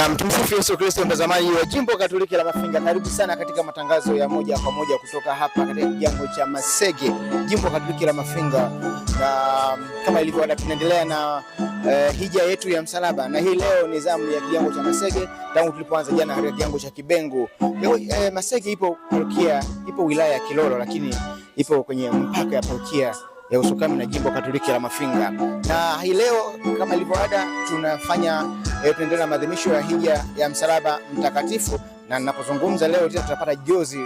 na mtumsifu Yesu Kristo, mtazamaji wa Jimbo Katoliki la Mafinga, karibu sana katika matangazo ya moja kwa moja kutoka hapa katika kijango cha Masege, Jimbo Katoliki la Mafinga, na um, kama ilivyo ada tunaendelea na eh, hija yetu ya msalaba, na hii leo ni zamu ya kijango cha Masege tangu tulipoanza jana katika kijango cha Kibengo. Leo eh, Masege ipo parokia, ipo wilaya ya Kilolo, lakini ipo kwenye mpaka ya parokia ya Usukami na Jimbo Katoliki la Mafinga, na hii leo kama ilivyo ada tunafanya E, tuendelee na maadhimisho ya hija ya msalaba mtakatifu, na ninapozungumza leo tena tutapata jozi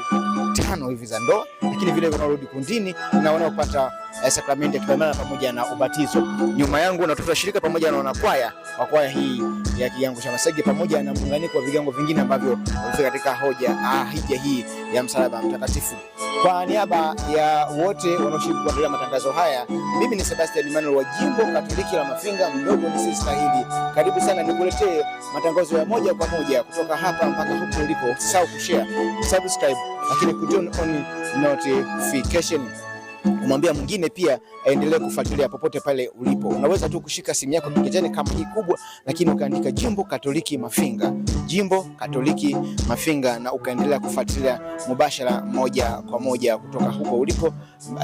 tano hivi za ndoa, lakini vile unarudi kundini na wanaopata eh, sakramenti ya kipaimara pamoja na ubatizo. Nyuma yangu na tutashirika pamoja na wanakwaya wa kwaya hii ya kigango cha Masege pamoja na muunganiko wa vigango vingine ambavyo vimefika katika hoja ah, hija hii ya msalaba mtakatifu. Kwa niaba ya wote wanaoshiriki kuandalia matangazo haya, mimi ni Sebastian Emmanuel wa Jimbo Katoliki la Mafinga mdogo nisistahili. Karibu sana nikuletee matangazo ya moja kwa moja kutoka hapa mpaka huko ulipo. Usisahau kushare, subscribe lakini kuturn on notification kumwambia mwingine pia aendelee kufuatilia popote pale ulipo. Unaweza tu kushika simu yako kigejani kama hii kubwa, lakini ukaandika Jimbo Katoliki Mafinga, Jimbo Katoliki Mafinga, na ukaendelea kufuatilia mubashara moja kwa moja kutoka huko ulipo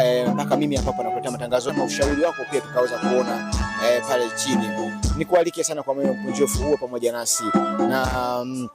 eh, mpaka e, mimi hapa hapa nakuletea matangazo na ushauri wako pia tukaweza kuona e, pale chini. Nikualike sana kwa moyo mkunjufu huo pamoja nasi na um,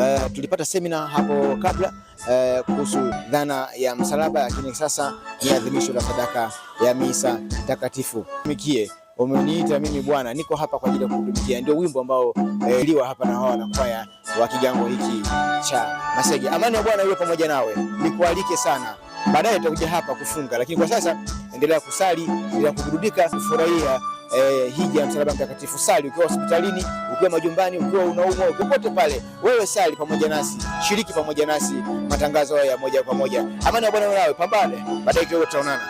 Eh, tulipata semina hapo kabla uh, kuhusu dhana ya msalaba, lakini sasa ni adhimisho la sadaka ya misa takatifu. Mikie umeniita mimi Bwana, niko hapa kwa ajili ya kukutumikia. Ndio wimbo ambao eh, liwa hapa na hawa na kwaya wa kigango hiki cha Masege. Amani ya Bwana iwe pamoja nawe, nikualike sana baadaye tutakuja hapa kufunga, lakini kwa sasa endelea kusali, endelea kuburudika, kufurahia eh, hija msalaba mtakatifu. Sali ukiwa hospitalini, ukiwa majumbani, ukiwa unaumwa, popote pale, wewe sali pamoja nasi, shiriki pamoja nasi matangazo haya moja kwa moja. Amani ya Bwana nawe, pambane. Baadaye kidogo tutaonana.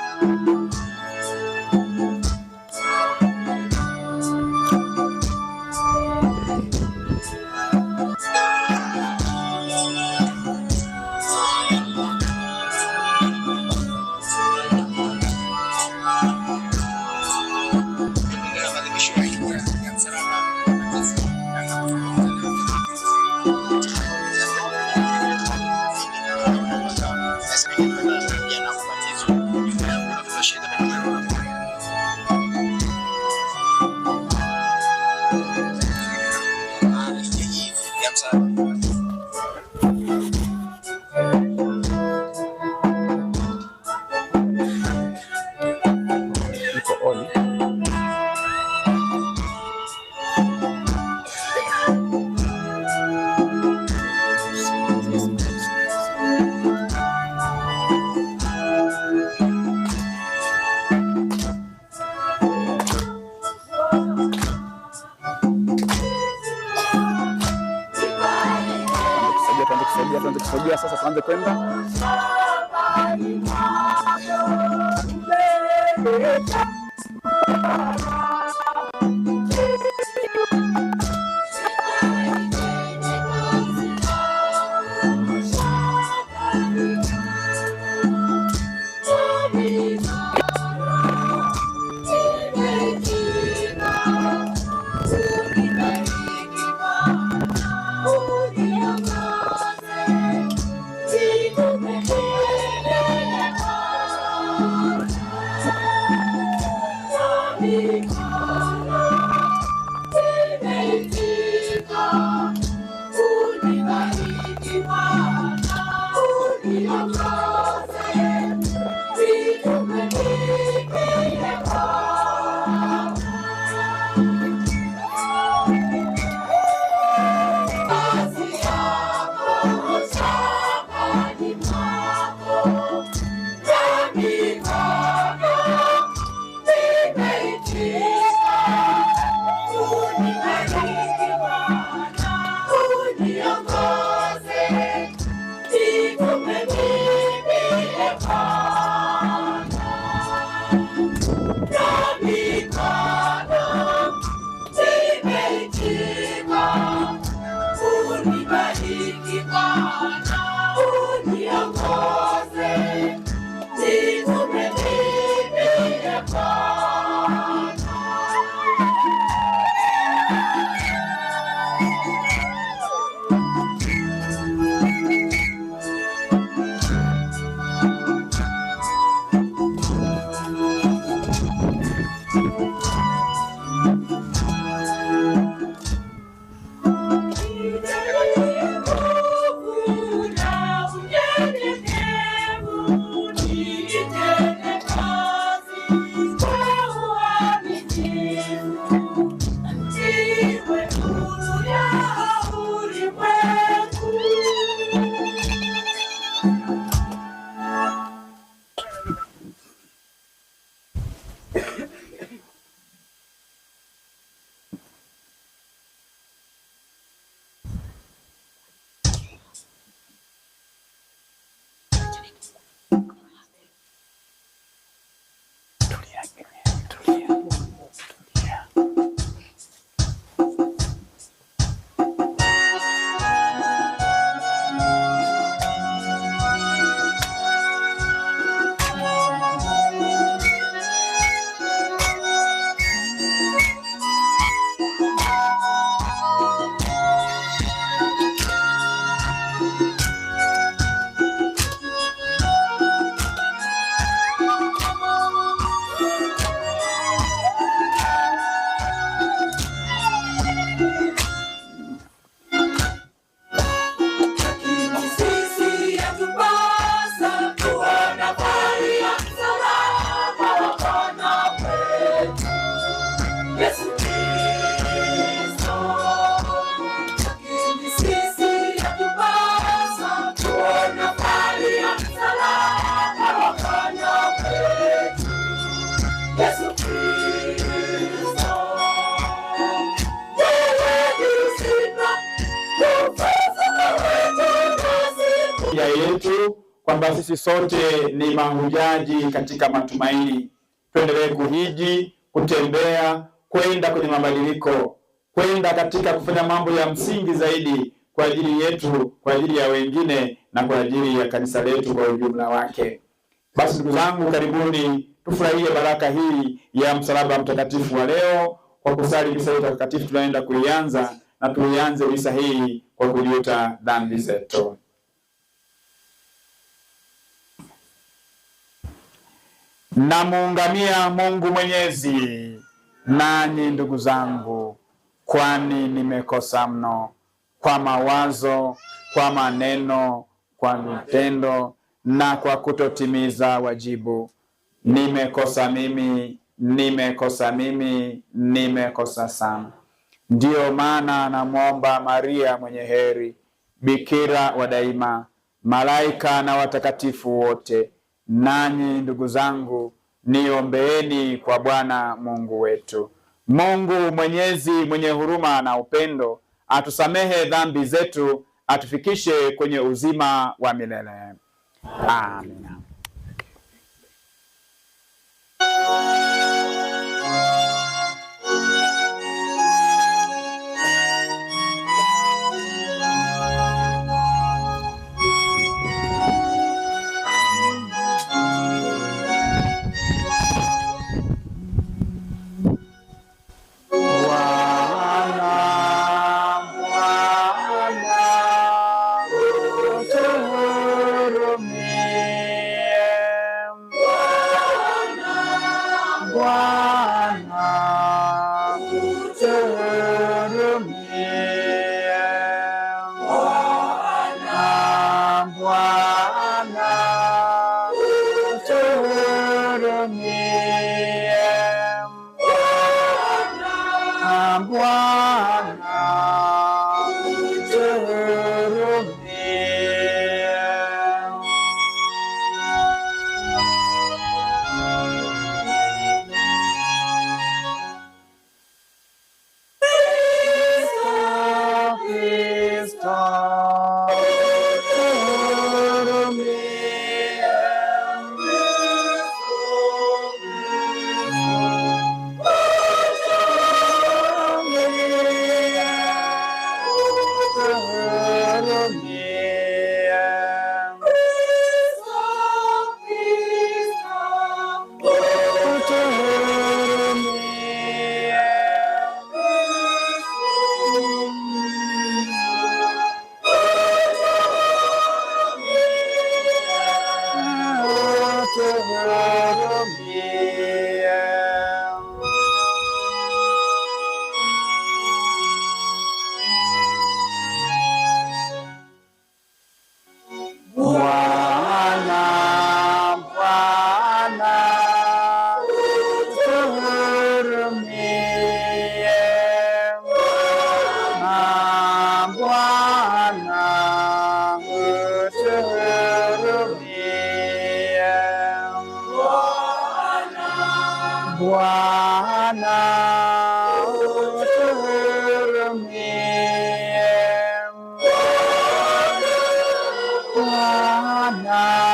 times I sasa tuanze kwenda Thank you. kwamba sisi sote ni mahujaji katika matumaini. Tuendelee kuhiji, kutembea, kwenda kwenye mabadiliko, kwenda katika kufanya mambo ya msingi zaidi kwa ajili yetu, kwa ajili ya wengine na kwa ajili ya kanisa letu kwa ujumla wake. Basi ndugu zangu, karibuni tufurahie baraka hii ya msalaba mtakatifu wa leo kwa kusali misa takatifu tunaenda kuianza, na tuianze misa hii kwa kujuta dhambi zetu. Namuungamia Mungu Mwenyezi, nanyi ndugu zangu, kwani nimekosa mno, kwa mawazo, kwa maneno, kwa vitendo na kwa kutotimiza wajibu. Nimekosa mimi, nimekosa mimi, nimekosa sana. Ndiyo maana namwomba Maria mwenye heri, bikira wa daima, malaika na watakatifu wote nanyi ndugu zangu niombeeni kwa Bwana Mungu wetu. Mungu Mwenyezi mwenye huruma na upendo atusamehe dhambi zetu, atufikishe kwenye uzima wa milele. Amina. one.